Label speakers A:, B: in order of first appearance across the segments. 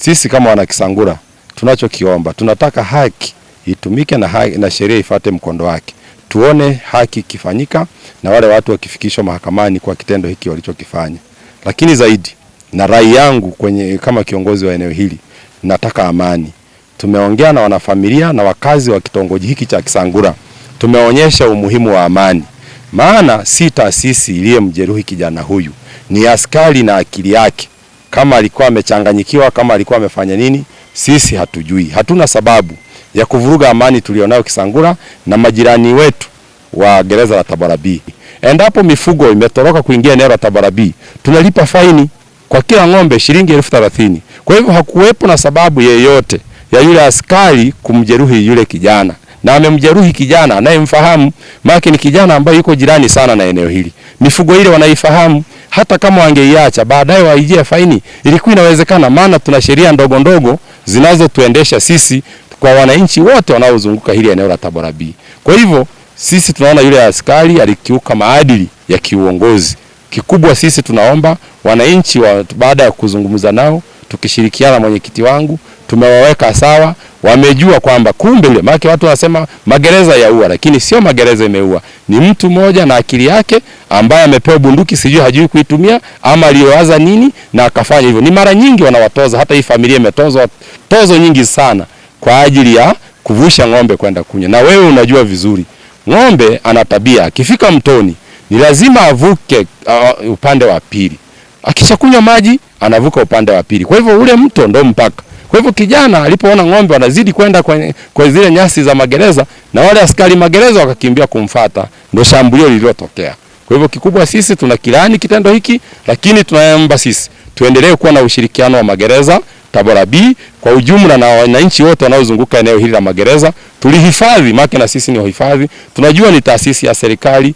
A: Sisi kama wana Kisangura tunachokiomba, tunataka haki itumike na, haki, na sheria ifate mkondo wake. Tuone haki ikifanyika na wale watu wakifikishwa mahakamani kwa kitendo hiki walichokifanya. Lakini zaidi na rai yangu kwenye kama kiongozi wa eneo hili, nataka amani. Tumeongea na wanafamilia na wakazi wa kitongoji hiki cha Kisangura, tumeonyesha umuhimu wa amani, maana si taasisi iliyemjeruhi kijana huyu, ni askari na akili yake kama alikuwa amechanganyikiwa, kama alikuwa amefanya nini, sisi hatujui. Hatuna sababu ya kuvuruga amani tulionayo Kisangura na majirani wetu wa gereza la Tabora B. Endapo mifugo imetoroka kuingia eneo la Tabora B, tunalipa faini kwa kila ng'ombe shilingi elfu thelathini. Kwa hivyo hakuwepo na sababu yeyote ya yule askari kumjeruhi yule kijana na amemjeruhi kijana anayemfahamu, maana ni kijana ambaye yuko jirani sana na eneo hili. Mifugo ile wanaifahamu, hata kama wangeiacha baadaye waijia faini ilikuwa inawezekana, maana tuna sheria ndogo ndogo zinazotuendesha sisi kwa wananchi wote wanaozunguka hili eneo la Tabora B. Kwa hivyo sisi tunaona yule askari alikiuka maadili ya kiuongozi. Kikubwa sisi tunaomba wananchi wa, baada ya kuzungumza nao tukishirikiana mwenyekiti wangu tumewaweka sawa wamejua kwamba kumbe ile maki watu wanasema magereza yaua, lakini sio magereza imeua, ni mtu mmoja na akili yake ambaye amepewa bunduki, sijui hajui kuitumia ama aliyowaza nini na akafanya hivyo. Ni mara nyingi wanawatoza, hata hii familia imetozwa tozo nyingi sana kwa ajili ya kuvusha ng'ombe kwenda kunywa, na wewe unajua vizuri ng'ombe ana tabia, akifika mtoni ni lazima avuke uh, upande wa pili. Akishakunywa maji anavuka upande wa pili, kwa hivyo ule mto ndo mpaka kwa hivyo kijana alipoona ng'ombe wanazidi kwenda kwa, kwa zile nyasi za magereza na wale askari magereza wakakimbia kumfata, ndio shambulio lililotokea. Kwa hivyo kikubwa, sisi tunakilaani kitendo hiki, lakini tunaomba sisi tuendelee kuwa na ushirikiano wa magereza Tabora B kwa ujumla na wananchi wote wanaozunguka eneo hili la magereza tulihifadhi, maana na sisi ni wahifadhi, tunajua ni taasisi ya serikali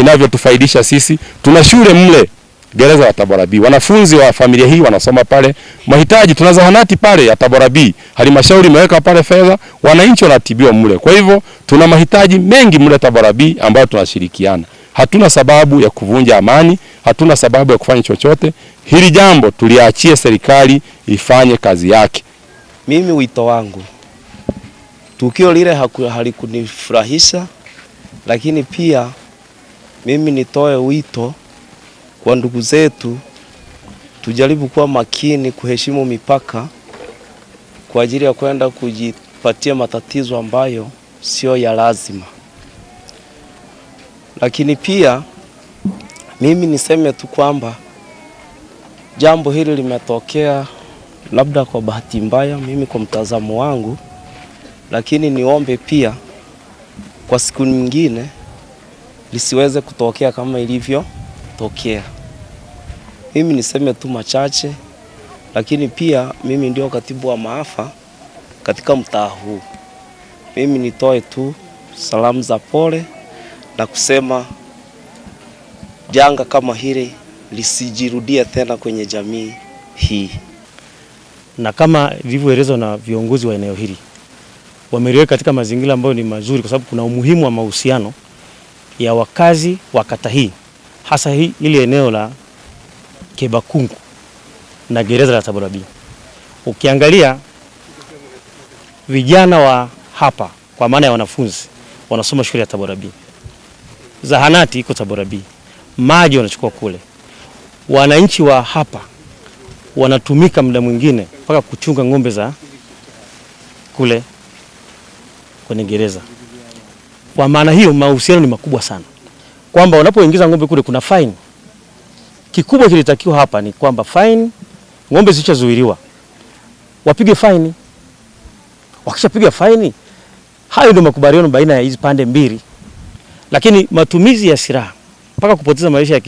A: inavyotufaidisha sisi, tuna shule mle gereza la Tabora B. Wanafunzi wa familia hii wanasoma pale, mahitaji tuna zahanati pale ya Tabora B, halmashauri imeweka pale fedha, wananchi wanatibiwa mule. Kwa hivyo tuna mahitaji mengi mule Tabora B ambayo tunashirikiana. Hatuna sababu ya kuvunja amani, hatuna sababu ya kufanya chochote. Hili jambo tuliachie serikali ifanye kazi yake.
B: Mimi wito wangu, tukio lile halikunifurahisha, lakini pia mimi nitoe wito kwa ndugu zetu, tujaribu kuwa makini kuheshimu mipaka kwa ajili ya kwenda kujipatia matatizo ambayo sio ya lazima. Lakini pia mimi niseme tu kwamba jambo hili limetokea labda kwa bahati mbaya, mimi kwa mtazamo wangu, lakini niombe pia kwa siku nyingine lisiweze kutokea kama ilivyotokea. Mimi niseme tu machache, lakini pia mimi ndio katibu wa maafa katika mtaa huu. Mimi nitoe tu salamu za pole na kusema janga kama hili lisijirudia tena kwenye jamii hii, na kama vilivyoelezwa na viongozi wa eneo hili wameliweka katika mazingira ambayo ni mazuri, kwa sababu kuna umuhimu wa mahusiano ya wakazi wa kata hii hasa hili eneo la Kebakungu na gereza la Tabora Ukiangalia vijana wa hapa kwa maana ya wanafunzi wanasoma shule ya Tabora zahanati iko Tabora maji wanachukua kule. Wananchi wa hapa wanatumika muda mwingine mpaka kuchunga ng'ombe za kule kwenye gereza. Kwa maana hiyo mahusiano ni makubwa sana, kwamba unapoingiza ng'ombe kule kuna faini Kikubwa kilitakiwa hapa ni kwamba faini, ng'ombe zilizozuiliwa wapige faini. Wakishapiga faini, hayo ndio makubaliano baina ya hizi pande mbili, lakini matumizi ya silaha mpaka kupoteza maisha ya